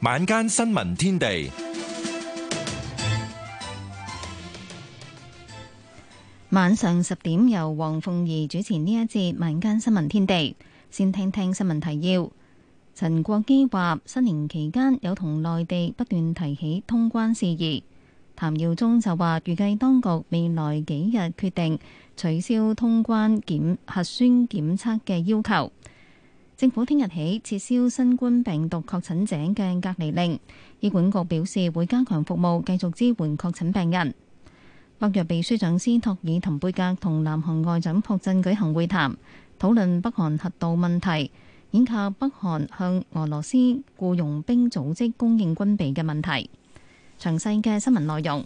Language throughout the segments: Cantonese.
晚間新聞天地，晚上十點由黃鳳儀主持呢一節晚間新聞天地，先聽聽新聞提要。陳國基話，新年期間有同內地不斷提起通關事宜。譚耀宗就話，預計當局未來幾日決定取消通關檢核酸檢測嘅要求。政府聽日起撤銷新冠病毒確診者嘅隔離令，醫管局表示會加強服務，繼續支援確診病人。北約秘書長斯托爾滕貝格同南韓外長朴振舉行會談，討論北韓核導問題，以及北韓向俄羅斯僱傭兵組織供應軍備嘅問題。詳細嘅新聞內容。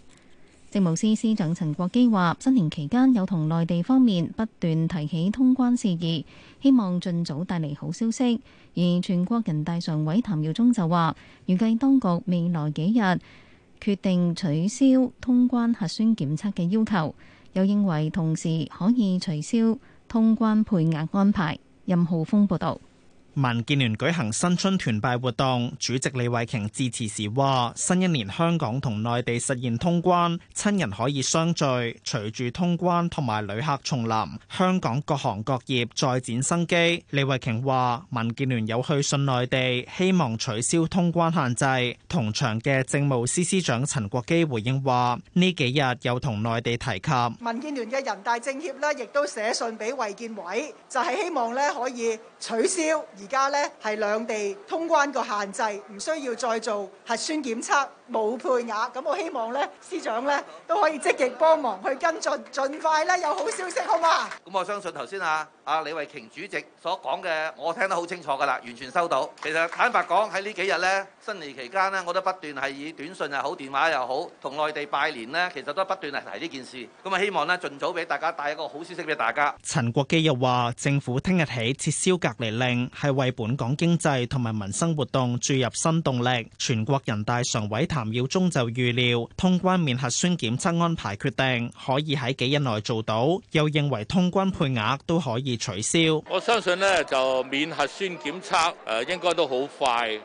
政務司司長陳國基話：新年期間有同內地方面不斷提起通關事宜，希望盡早帶嚟好消息。而全國人大常委譚耀宗就話，預計當局未來幾日決定取消通關核酸檢測嘅要求，又認為同時可以取消通關配額安排。任浩峰報道。民建聯舉行新春團拜活動，主席李慧瓊致辭時話：新一年香港同內地實現通關，親人可以相聚。隨住通關同埋旅客重臨，香港各行各業再展生機。李慧瓊話：民建聯有去信內地，希望取消通關限制。同場嘅政務司司長陳國基回應話：呢幾日又同內地提及，民建聯嘅人大政協呢，亦都寫信俾衛健委，就係希望呢可以。取消而家咧係兩地通關個限制，唔需要再做核酸檢測，冇配額。咁我希望咧，司長咧都可以積極幫忙去跟進，盡快咧有好消息，好嗎？咁我相信頭先啊，阿李慧瓊主席所講嘅，我聽得好清楚㗎啦，完全收到。其實坦白講，喺呢幾日咧，新年期間咧，我都不斷係以短信又好，電話又好，同內地拜年咧，其實都不斷係提呢件事。咁啊，希望咧盡早俾大家帶一個好消息俾大家。陳國基又話：政府聽日起撤銷隔嚟令係為本港經濟同埋民生活動注入新動力。全國人大常委譚耀宗就預料，通關免核酸檢測安排決定可以喺幾日內做到，又認為通關配額都可以取消。我相信呢就免核酸檢測誒，應該都好快誒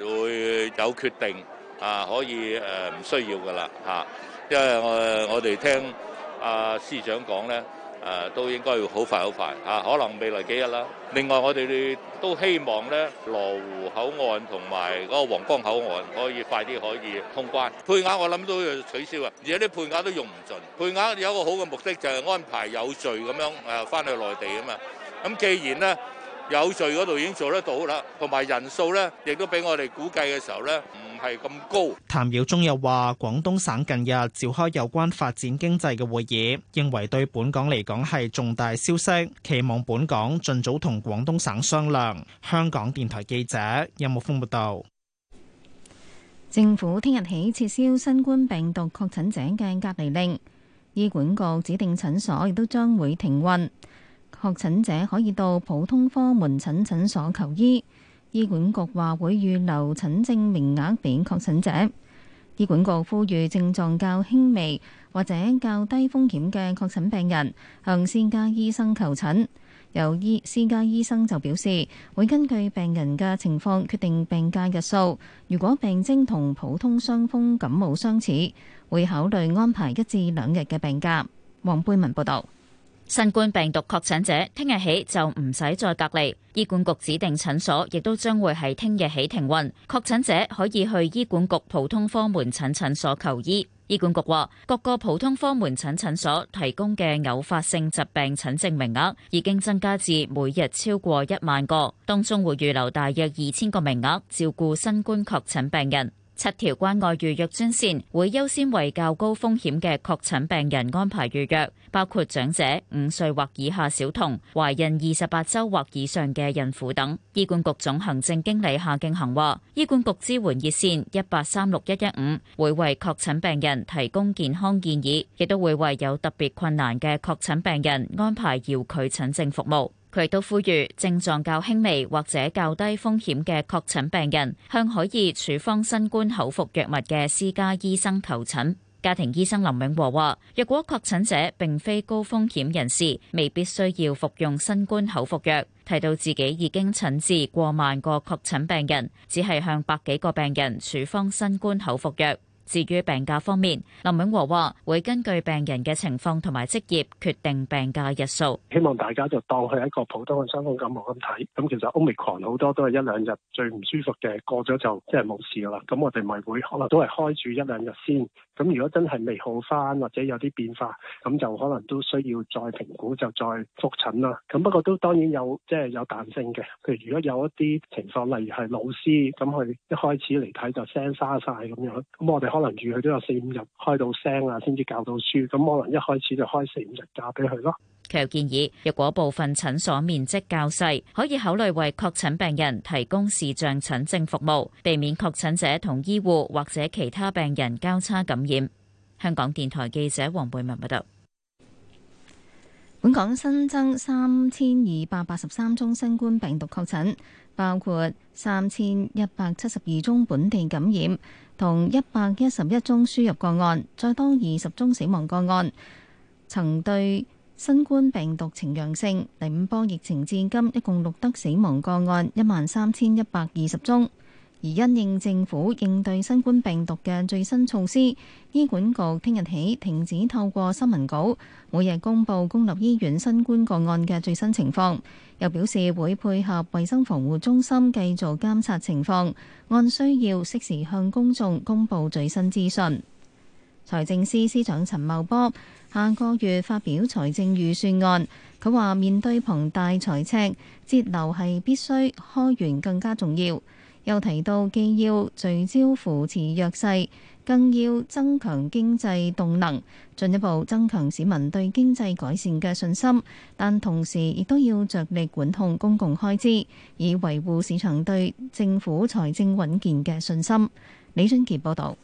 會有決定啊，可以誒唔需要噶啦嚇，因為我我哋聽阿司長講咧。誒、啊、都應該要好快好快嚇，啊，可能未來幾日啦。另外，我哋都希望咧，羅湖口岸同埋嗰個皇崗口岸可以快啲可以通關配額，我諗都要取消啊，而家啲配額都用唔盡，配額有個好嘅目的就係安排有序咁樣誒翻去內地啊嘛。咁既然咧有序嗰度已經做得到啦，同埋人數咧亦都俾我哋估計嘅時候咧，係咁高。譚耀宗又話，廣東省近日召開有關發展經濟嘅會議，認為對本港嚟講係重大消息，期望本港盡早同廣東省商量。香港電台記者任木峰報道。有有政府聽日起撤銷新冠病毒確診者嘅隔離令，醫管局指定診所亦都將會停運，確診者可以到普通科門診診所求醫。醫管局話會預留診症名額俾確診者。醫管局呼籲症狀較輕微或者較低風險嘅確診病人向私家醫生求診。由醫私家醫生就表示，會根據病人嘅情況決定病假日數。如果病徵同普通傷風感冒相似，會考慮安排一至兩日嘅病假。黃貝文報道。新冠病毒確診者聽日起就唔使再隔離，醫管局指定診所亦都將會喺聽日起停運，確診者可以去醫管局普通科門診診所求醫。醫管局話，各個普通科門診診所提供嘅偶發性疾病診症名額已經增加至每日超過一萬個，當中會預留大約二千個名額照顧新冠確診病人。七條關外預約專線會優先為較高風險嘅確診病人安排預約，包括長者、五歲或以下小童、懷孕二十八周或以上嘅孕婦等。醫管局總行政經理夏敬恆話，醫管局支援熱線一八三六一一五會為確診病人提供健康建議，亦都會為有特別困難嘅確診病人安排遙距診症服務。佢都呼籲症狀較輕微或者較低風險嘅確診病人，向可以處方新冠口服藥物嘅私家醫生求診。家庭醫生林永和話，若果確診者並非高風險人士，未必需要服用新冠口服藥。提到自己已經診治過萬個確診病人，只係向百幾個病人處方新冠口服藥。至於病假方面，林永和話會根據病人嘅情況同埋職業決定病假日數。希望大家就當佢係一個普通嘅傷風感冒咁睇。咁其實 Omicron 好多都係一兩日最唔舒服嘅，過咗就即係冇事噶啦。咁我哋咪會可能都係開住一兩日先。咁如果真係未好翻，或者有啲變化，咁就可能都需要再評估，就再覆診啦。咁不過都當然有，即係有彈性嘅。譬如如果有一啲情況，例如係老師咁，佢一開始嚟睇就聲沙晒咁樣，咁我哋可能預佢都有四五日開到聲啊，先至教到書。咁可能一開始就開四五日假俾佢咯。佢又建議，若果部分診所面積較細，可以考慮為確診病人提供視像診症服務，避免確診者同醫護或者其他病人交叉感染。香港電台記者黃貝文報道。本港新增三千二百八十三宗新冠病毒確診，包括三千一百七十二宗本地感染，同一百一十一宗輸入個案，再多二十宗死亡個案，曾對，新冠病毒呈陽性，第五波疫情至今一共錄得死亡個案一萬三千一百二十宗。而因應政府應對新冠病毒嘅最新措施，醫管局聽日起停止透過新聞稿每日公布公立醫院新冠個案嘅最新情況，又表示會配合衛生防護中心繼續監察情況，按需要適時向公眾公布最新資訊。財政司司長陳茂波下個月發表財政預算案，佢話面對龐大財赤，節流係必須，開源更加重要。又提到既要聚焦扶持弱勢，更要增強經濟動能，進一步增強市民對經濟改善嘅信心。但同時亦都要着力管控公共開支，以維護市場對政府財政穩健嘅信心。李俊傑報導。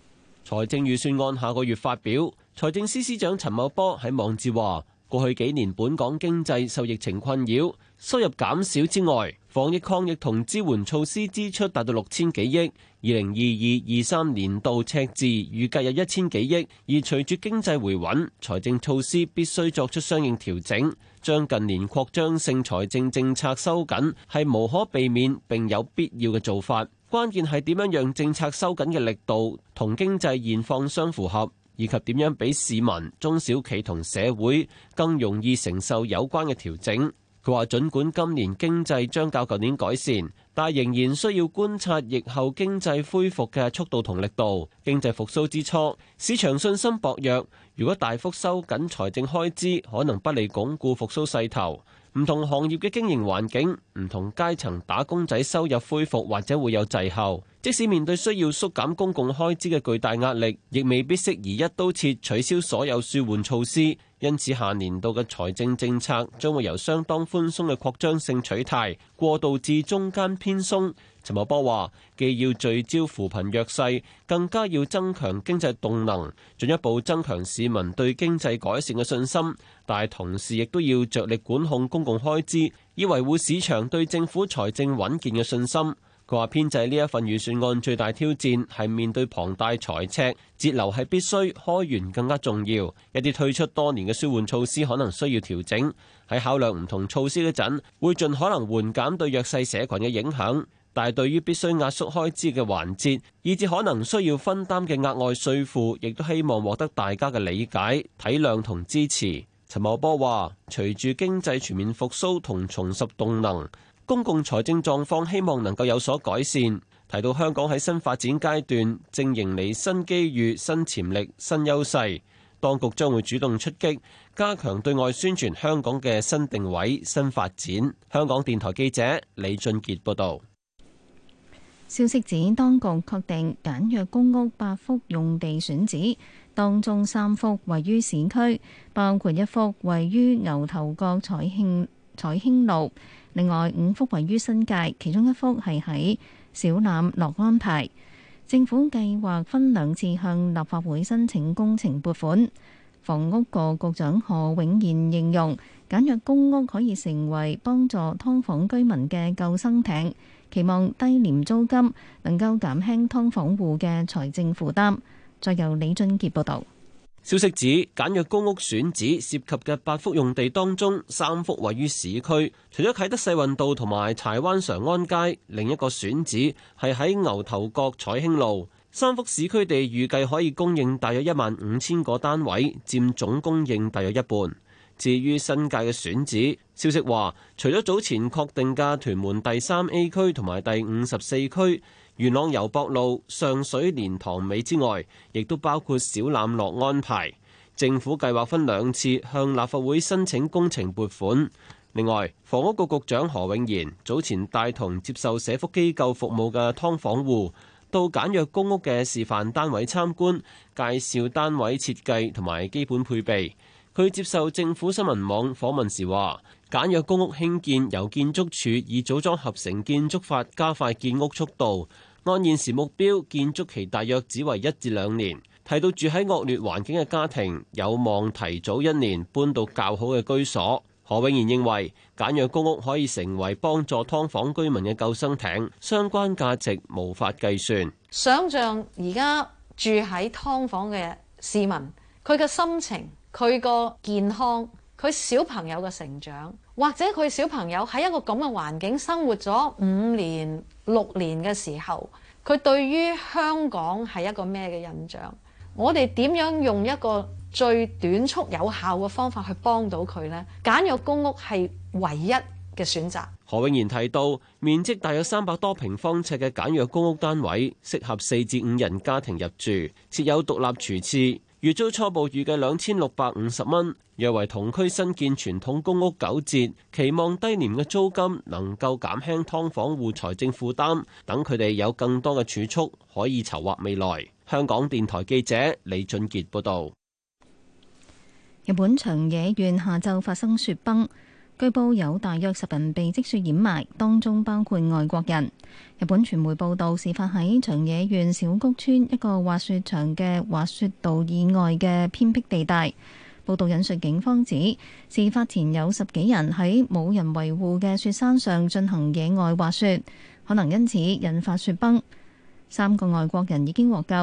財政預算案下個月發表。財政司司長陳茂波喺網誌話：過去幾年，本港經濟受疫情困擾，收入減少之外，防疫抗疫同支援措施支出達到六千幾億。二零二二、二三年度赤字預計有一千幾億，而隨住經濟回穩，財政措施必須作出相應調整，將近年擴張性財政政策收緊，係無可避免並有必要嘅做法。關鍵係點樣讓政策收緊嘅力度同經濟現況相符合。以及點樣俾市民、中小企同社會更容易承受有關嘅調整。佢話：儘管今年經濟將較舊年改善，但仍然需要觀察疫後經濟恢復嘅速度同力度。經濟復甦之初，市場信心薄弱，如果大幅收緊財政開支，可能不利鞏固復甦勢頭。唔同行業嘅經營環境，唔同階層打工仔收入恢復或者會有滯後。即使面對需要縮減公共開支嘅巨大壓力，亦未必適宜一刀切取消所有舒緩措施。因此，下年度嘅財政政策將會由相當寬鬆嘅擴張性取態過渡至中間偏鬆。陳茂波話，既要聚焦扶貧弱勢，更加要增強經濟動能，進一步增強市民對經濟改善嘅信心。但係同時亦都要着力管控公共開支，以維護市場對政府財政穩健嘅信心。佢話編製呢一份預算案最大挑戰係面對龐大財赤，節流係必須，開源更加重要。一啲推出多年嘅紓緩措施可能需要調整。喺考量唔同措施嗰陣，會盡可能緩減對弱勢社群嘅影響。但係，對於必須壓縮開支嘅環節，以至可能需要分擔嘅額外稅負，亦都希望獲得大家嘅理解、體諒同支持。陳茂波話，隨住經濟全面復蘇同重拾動能，公共財政狀況希望能夠有所改善。提到香港喺新發展階段正迎嚟新機遇、新潛力、新優勢，當局將會主動出擊，加強對外宣傳香港嘅新定位、新發展。香港電台記者李俊杰報道。消息指，當局確定簡約公屋八幅用地選址，當中三幅位於市區，包括一幅位於牛頭角彩興彩興路，另外五幅位於新界，其中一幅係喺小欖樂安排。政府計劃分兩次向立法會申請工程撥款。房屋局局長何永賢形容，簡約公屋可以成為幫助劏房居民嘅救生艇。期望低廉租金能夠減輕劏房戶嘅財政負擔，再由李俊杰報道。消息指簡約公屋選址涉及嘅八幅用地當中，三幅位於市區，除咗啟德世運道同埋柴灣常安街，另一個選址係喺牛頭角彩興路。三幅市區地預計可以供應大約一萬五千個單位，占總供應大約一半。至於新界嘅選址消息話，除咗早前確定嘅屯門第三 A 區同埋第五十四區元朗油博路上水蓮塘尾之外，亦都包括小欖樂安排。政府計劃分兩次向立法會申請工程撥款。另外，房屋局局長何永賢早前帶同接受社福機構服務嘅劏房戶到簡約公屋嘅示範單位參觀，介紹單位設計同埋基本配備。佢接受政府新聞網訪問時話：簡約公屋興建由建築署以組裝合成建築法加快建屋速度，按現時目標，建築期大約只為一至兩年。提到住喺惡劣環境嘅家庭有望提早一年搬到較好嘅居所。何永賢認為簡約公屋可以成為幫助劏房居民嘅救生艇，相關價值無法計算。想像而家住喺劏房嘅市民，佢嘅心情。佢個健康，佢小朋友嘅成長，或者佢小朋友喺一個咁嘅環境生活咗五年六年嘅時候，佢對於香港係一個咩嘅印象？我哋點樣用一個最短促有效嘅方法去幫到佢呢？簡約公屋係唯一嘅選擇。何永賢提到，面積大約三百多平方尺嘅簡約公屋單位，適合四至五人家庭入住，設有獨立廚廁。月租初步預計兩千六百五十蚊，約為同區新建傳統公屋九折，期望低廉嘅租金能夠減輕劏房戶財政負擔，等佢哋有更多嘅儲蓄可以籌劃未來。香港電台記者李俊傑報道。日本長野縣下晝發生雪崩。據報有大約十人被積雪掩埋，當中包括外國人。日本傳媒報導，事發喺長野縣小谷村一個滑雪場嘅滑雪道以外嘅偏僻地帶。報導引述警方指，事發前有十幾人喺冇人維護嘅雪山上進行野外滑雪，可能因此引發雪崩。三個外國人已經獲救，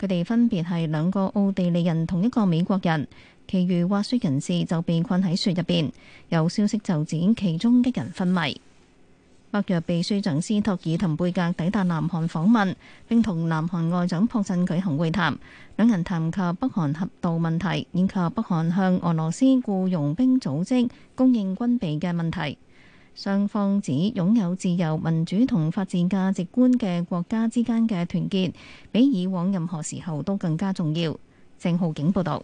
佢哋分別係兩個奧地利人同一個美國人。其餘滑雪人士就被困喺雪入邊，有消息就指其中一人昏迷。北約秘書長斯托爾滕貝格抵達南韓訪問，並同南韓外長朴振舉行會談，兩人談及北韓核導問題以及北韓向俄羅斯雇傭兵組織供應軍備嘅問題。雙方指擁有自由、民主同法治價值觀嘅國家之間嘅團結，比以往任何時候都更加重要。鄭浩景報道。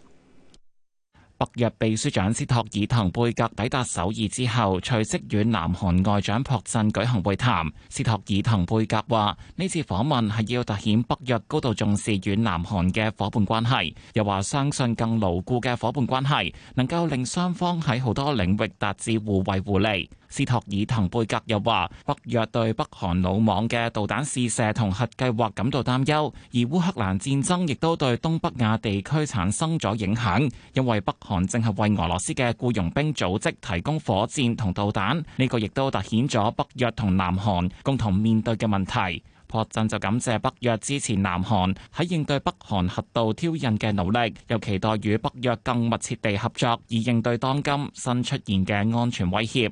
北約秘書長斯托爾滕貝格抵達首爾之後，隨即與南韓外長朴振舉行會談。斯托爾滕貝格話：呢次訪問係要凸顯北約高度重視與南韓嘅夥伴關係，又話相信更牢固嘅夥伴關係能夠令雙方喺好多領域達至互惠互利。斯托爾滕貝格又話，北約對北韓魯莽嘅導彈試射同核計劃感到擔憂，而烏克蘭戰爭亦都對東北亞地區產生咗影響，因為北韓正係為俄羅斯嘅雇傭兵組織提供火箭同導彈。呢、這個亦都凸顯咗北約同南韓共同面對嘅問題。朴振就感謝北約支持南韓喺應對北韓核導挑釁嘅努力，又期待與北約更密切地合作，以應對當今新出現嘅安全威脅。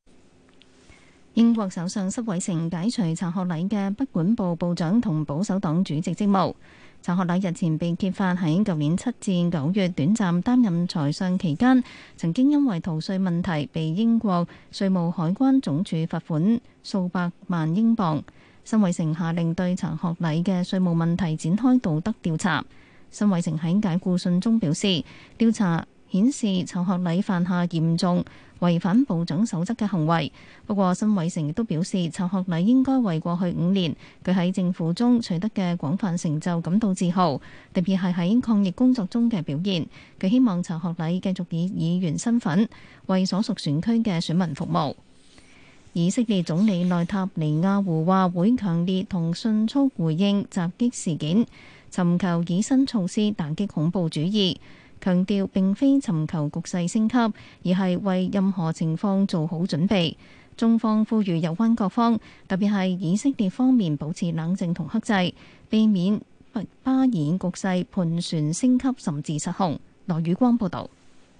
英國首相辛偉成解除查學禮嘅不管部部長同保守黨主席職務。查學禮日前被揭發喺舊年七至九月短暫擔任財相期間，曾經因為逃稅問題被英國稅務海關總署罰款數百萬英鎊。辛偉成下令對查學禮嘅稅務問題展開道德調查。辛偉成喺解雇信中表示，調查顯示查學禮犯下嚴重違反部長守則嘅行為。不過，辛偉誠亦都表示，查學禮應該為過去五年佢喺政府中取得嘅廣泛成就感到自豪，特別係喺抗疫工作中嘅表現。佢希望查學禮繼續以議員身份為所屬選區嘅選民服務。以色列總理內塔尼亞胡話會強烈同迅速回應襲擊事件，尋求以新措施打擊恐怖主義。強調並非尋求局勢升級，而係為任何情況做好準備。中方呼籲有關各方，特別係以色列方面保持冷靜同克制，避免巴爾局勢盤旋升級甚至失控。羅宇光報導。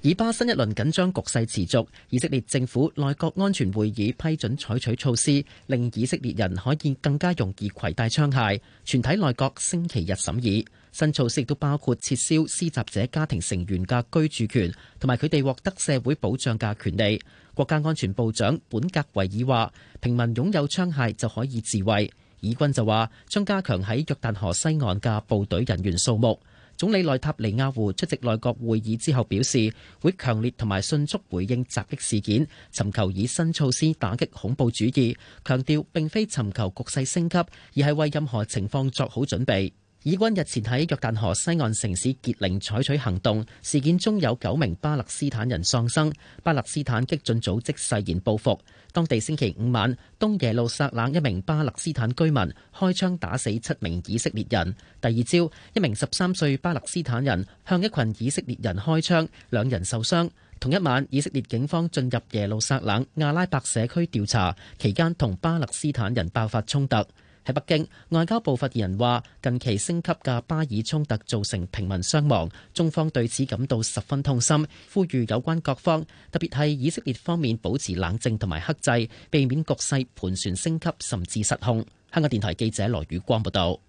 以巴新一輪緊張局勢持續，以色列政府內閣安全會議批准採取措施，令以色列人可以更加容易攜帶槍械。全體內閣星期日審議，新措施亦都包括撤銷施襲者家庭成員嘅居住權，同埋佢哋獲得社會保障嘅權利。國家安全部長本格維爾話，平民擁有槍械就可以自衞。以軍就話將加強喺約旦河西岸嘅部隊人員數目。總理內塔尼亞胡出席內閣會議之後表示，會強烈同埋迅速回應襲擊事件，尋求以新措施打擊恐怖主義，強調並非尋求局勢升級，而係為任何情況作好準備。以軍日前喺約旦河西岸城市傑寧採取行動，事件中有九名巴勒斯坦人喪生，巴勒斯坦激進組織誓言報復。當地星期五晚，東耶路撒冷一名巴勒斯坦居民開槍打死七名以色列人。第二朝，一名十三歲巴勒斯坦人向一群以色列人開槍，兩人受傷。同一晚，以色列警方進入耶路撒冷阿拉伯社區調查，期間同巴勒斯坦人爆發衝突。喺北京，外交部發言人話近期升級嘅巴以衝突造成平民傷亡，中方對此感到十分痛心，呼籲有關各方，特別係以色列方面，保持冷靜同埋克制，避免局勢盤旋升級甚至失控。香港電台記者羅宇光報道。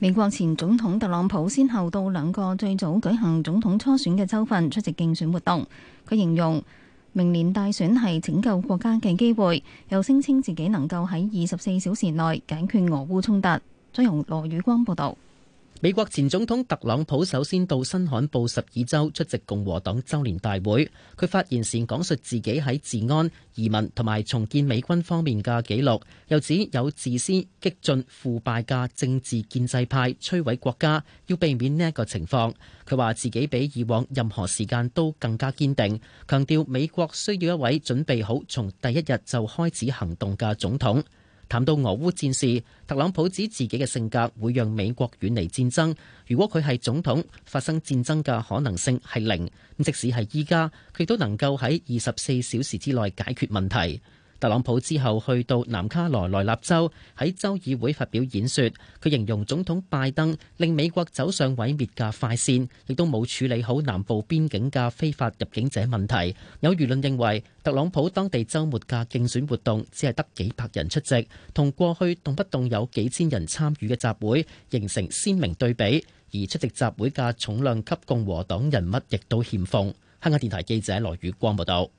美國前總統特朗普先後到兩個最早舉行總統初選嘅州份出席競選活動，佢形容。明年大選係拯救國家嘅機會，又聲稱自己能夠喺二十四小時內解決俄烏衝突。再由羅宇光報道。美國前總統特朗普首先到新罕布什爾州出席共和黨週年大會，佢發言時講述自己喺治安、移民同埋重建美軍方面嘅紀錄，又指有自私、激進、腐敗嘅政治建制派摧毀國家，要避免呢一個情況。佢話自己比以往任何時間都更加堅定，強調美國需要一位準備好從第一日就開始行動嘅總統。談到俄烏戰事，特朗普指自己嘅性格會讓美國遠離戰爭。如果佢係總統，發生戰爭嘅可能性係零。即使係依家，佢都能夠喺二十四小時之內解決問題。特朗普之後去到南卡羅來納州，喺州議會發表演說，佢形容總統拜登令美國走上毀滅嘅快線，亦都冇處理好南部邊境嘅非法入境者問題。有輿論認為特朗普當地週末嘅競選活動只係得幾百人出席，同過去動不動有幾千人參與嘅集會形成鮮明對比。而出席集會嘅重量級共和黨人物亦都欠奉。香港電台記者羅宇光報道。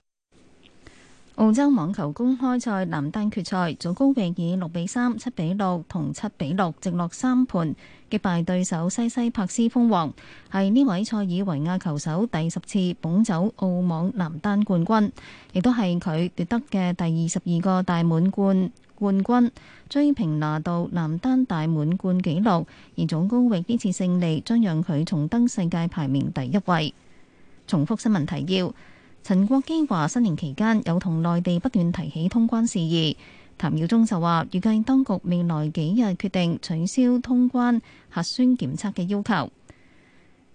澳洲網球公開賽男單決賽，祖高域以六比三、七比六同七比六，直落三盤擊敗對手西西帕斯，封王。係呢位塞爾維亞球手第十次捧走澳網男單冠軍，亦都係佢奪得嘅第二十二個大滿貫冠軍，追平拿度男單大滿貫紀錄。而祖高域呢次勝利，將讓佢重登世界排名第一位。重複新聞提要。陳國基話：新年期間有同內地不斷提起通關事宜。譚耀宗就話：預計當局未來幾日決定取消通關核酸檢測嘅要求。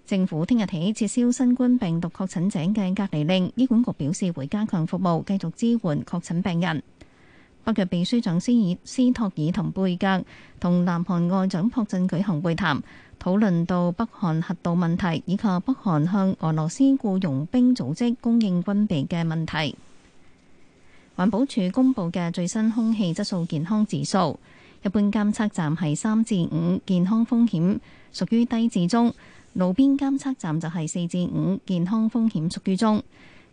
政府聽日起撤銷新冠病毒確診者嘅隔離令。醫管局表示會加強服務，繼續支援確診病人。北約秘書長斯爾斯托爾同貝格斯托爾滕貝格同南韓外長朴振舉行會談。討論到北韓核導問題以及北韓向俄羅斯僱傭兵組織供應軍備嘅問題。環保署公布嘅最新空氣質素健康指數，一般監測站係三至五，健康風險屬於低至中；路邊監測站就係四至五，健康風險屬於中。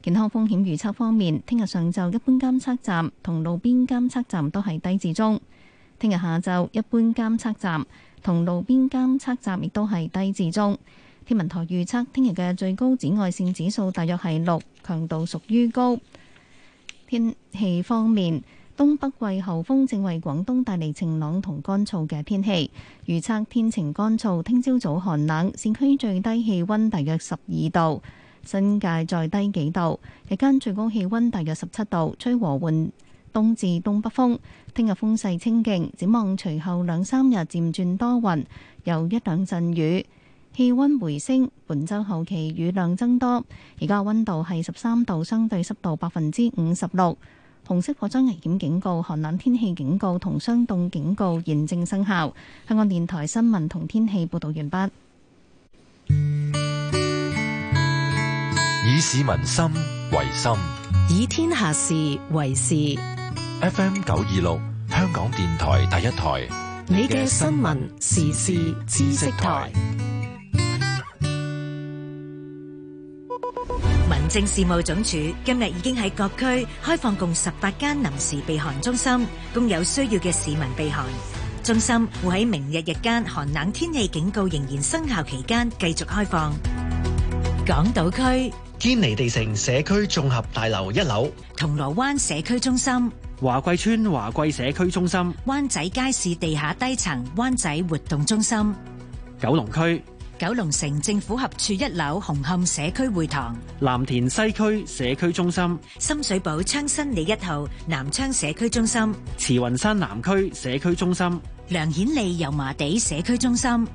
健康風險預測方面，聽日上晝一般監測站同路邊監測站都係低至中；聽日下晝一般監測站，同路邊監測站亦都係低至中。天文台預測聽日嘅最高紫外線指數大約係六，強度屬於高。天氣方面，東北季候風正為廣東帶嚟晴朗同乾燥嘅天氣。預測天晴乾燥，聽朝早寒冷，市區最低氣溫大約十二度，新界再低幾度。日間最高氣溫大約十七度，吹和緩東至東北風，聽日風勢清勁，展望隨後兩三日漸轉多雲，有一兩陣雨，氣溫回升。本周後期雨量增多，而家溫度係十三度，相對濕度百分之五十六。紅色火災危險警告、寒冷天氣警告同霜凍警告現正生效。香港電台新聞同天氣報道完畢。以市民心為心，以天下事為事，FM 九二六，香港電台第一台。你嘅新聞時事知識台。民政事務總署今日已經喺各區開放共十八間臨時避寒中心，供有需要嘅市民避寒。中心會喺明日日間寒冷天氣警告仍然生效期間繼續開放。港島區堅尼地城社區綜合大樓一樓，銅鑼灣社區中心。、華貴村華貴社區中心、灣仔街市地下低層灣仔活動中心、九龍區、九龍城政府合署一樓紅磡社區會堂、藍田西區社區中心、深水埗昌新里一號南昌社區中心、慈雲山南區社區中心、梁顯利油麻地社區中心、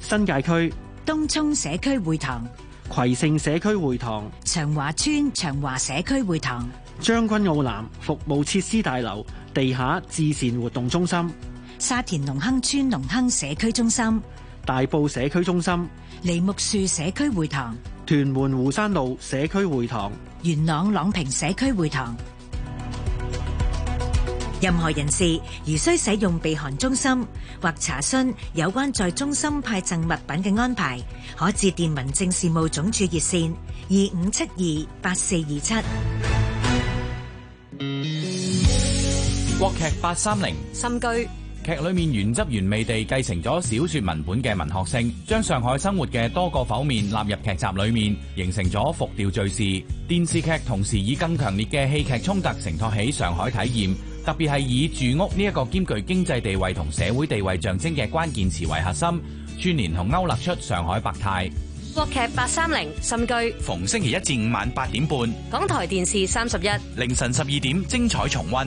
新界區、東涌社區會堂、葵盛社區會堂、長華村長華社區會堂。將軍澳南服務設施大樓地下慈善活動中心、沙田隆亨邨隆亨社區中心、大埔社區中心、梨木樹社區會堂、屯門湖山路社區會堂、元朗朗屏社區會堂。任何人士如需使用避寒中心或查詢有關在中心派贈物品嘅安排，可致電民政事務總署熱線二五七二八四二七。國劇八三零心居劇裏面，原汁原味地繼承咗小說文本嘅文學性，將上海生活嘅多個剖面納入劇集裏面，形成咗複調敘事。電視劇同時以更強烈嘅戲劇衝突承托起上海體驗，特別係以住屋呢一個兼具經濟地位同社會地位象徵嘅關鍵詞為核心，串聯同勾勒出上海百態。國劇八三零心居逢星期一至五晚八點半，港台電視三十一凌晨十二點，精彩重溫。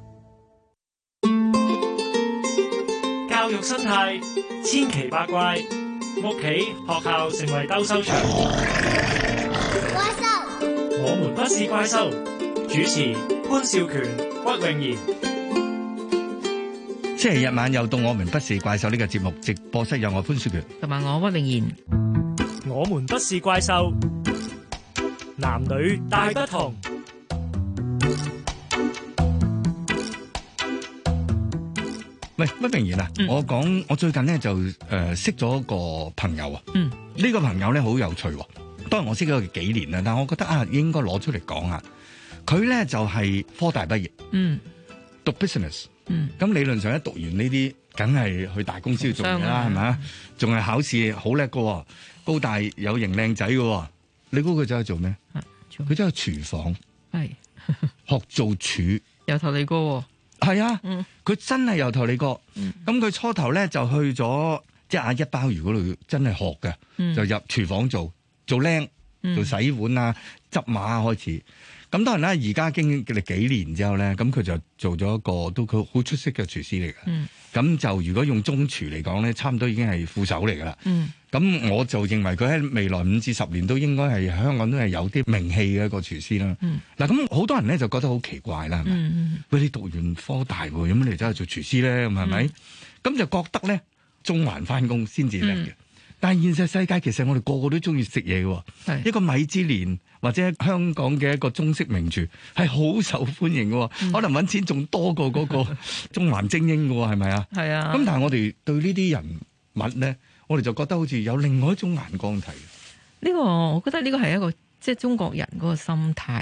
生態千奇百怪，屋企學校成為鬥獸場。怪獸，我們不是怪獸。主持：潘少權、屈穎妍。星期日晚又到我們不是怪獸呢個節目，直播室有我潘少權，同埋我屈穎妍。我們不是怪獸，男女大不同。喂，乜明顯啊！我講我最近咧就誒、呃、識咗個朋友啊，呢、嗯、個朋友咧好有趣，當然我識咗幾年啦，但係我覺得啊應該攞出嚟講啊，佢咧就係、是、科大畢業，嗯、讀 business，咁、嗯、理論上咧讀完呢啲，梗係去大公司做啦，係咪啊？仲係吧、嗯、考試好叻嘅，高大有型靚仔嘅，你估佢走去做咩？佢、啊、走，走去廚房，係、哎、呀學做廚，由 頭嚟過。係啊，佢、嗯、真係由頭嚟過，咁佢、嗯、初頭咧就去咗即係阿一鮑魚嗰度，真係學嘅，嗯、就入廚房做做靚，嗯、做洗碗啊、執馬啊開始。咁當然啦，而家經歷幾年之後咧，咁佢就做咗一個都佢好出色嘅廚師嚟嘅。咁就、嗯、如果用中廚嚟講咧，差唔多已經係副手嚟噶啦。咁、嗯、我就認為佢喺未來五至十年都應該係香港都係有啲名氣嘅一個廚師啦。嗱、嗯，咁好多人咧就覺得好奇怪啦，係咪？嗯嗯、喂，你讀完科大喎，點解嚟咗去做廚師咧？係咪？咁、嗯、就覺得咧，中環翻工先至叻嘅。嗯、但係現實世界其實我哋個,個個都中意食嘢嘅喎。一個米芝蓮。或者香港嘅一個中式名廚係好受歡迎嘅，嗯、可能搵錢仲多過個中環精英嘅，係咪是啊？係啊。咁但係我哋對呢啲人物咧，我哋就覺得好似有另外一種眼光睇。呢、呢個我覺得呢個係一個即係、就是、中國人個心態。